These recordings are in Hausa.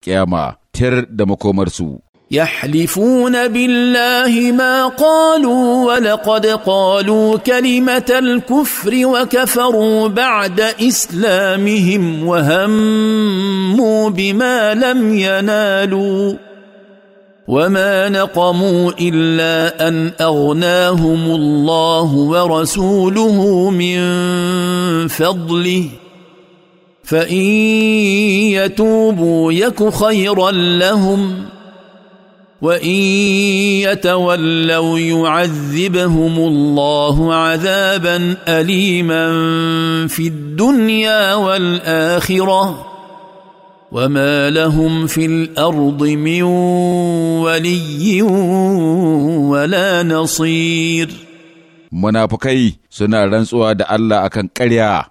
kyama tir da makomarsu. يحلفون بالله ما قالوا ولقد قالوا كلمة الكفر وكفروا بعد إسلامهم وهموا بما لم ينالوا وما نقموا إلا أن أغناهم الله ورسوله من فضله فان يتوبوا يك خيرا لهم وان يتولوا يعذبهم الله عذابا اليما في الدنيا والاخره وما لهم في الارض من ولي ولا نصير منابكي سنا رنسوا da Allah akan ƙarya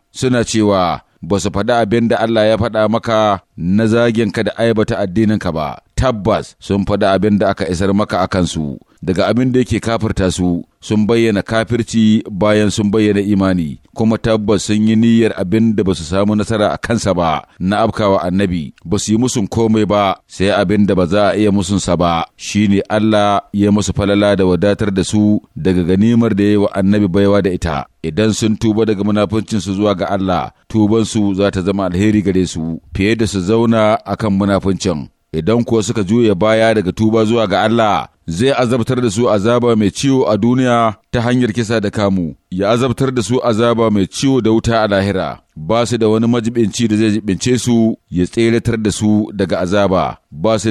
ba su faɗi abin da Allah ya faɗa maka na zaginka da aibata addininka ba, tabbas sun faɗi abin da aka isar maka a kansu daga abin da yake kafirta su sun bayyana kafirci bayan sun bayyana imani kuma tabbas sun yi niyyar abin da ba su samu nasara a kansa ba na afkawa annabi ba su yi musun komai ba sai abin da ba za a iya musunsa ba shine Allah ya musu falala da wadatar da su daga ganimar da ya yi wa annabi baiwa da ita idan sun tuba daga munafuncinsu zuwa ga Allah tubansu za ta zama alheri gare su fiye da su zauna akan munafuncin idan kuwa suka juya baya daga tuba zuwa ga Allah zai azabtar da su azaba mai ciwo a duniya ta hanyar kisa da kamu, ya azabtar da su azaba mai ciwo da wuta a lahira, ba su da wani majibinci da zai jibince su ya tseratar da su daga azaba, ba su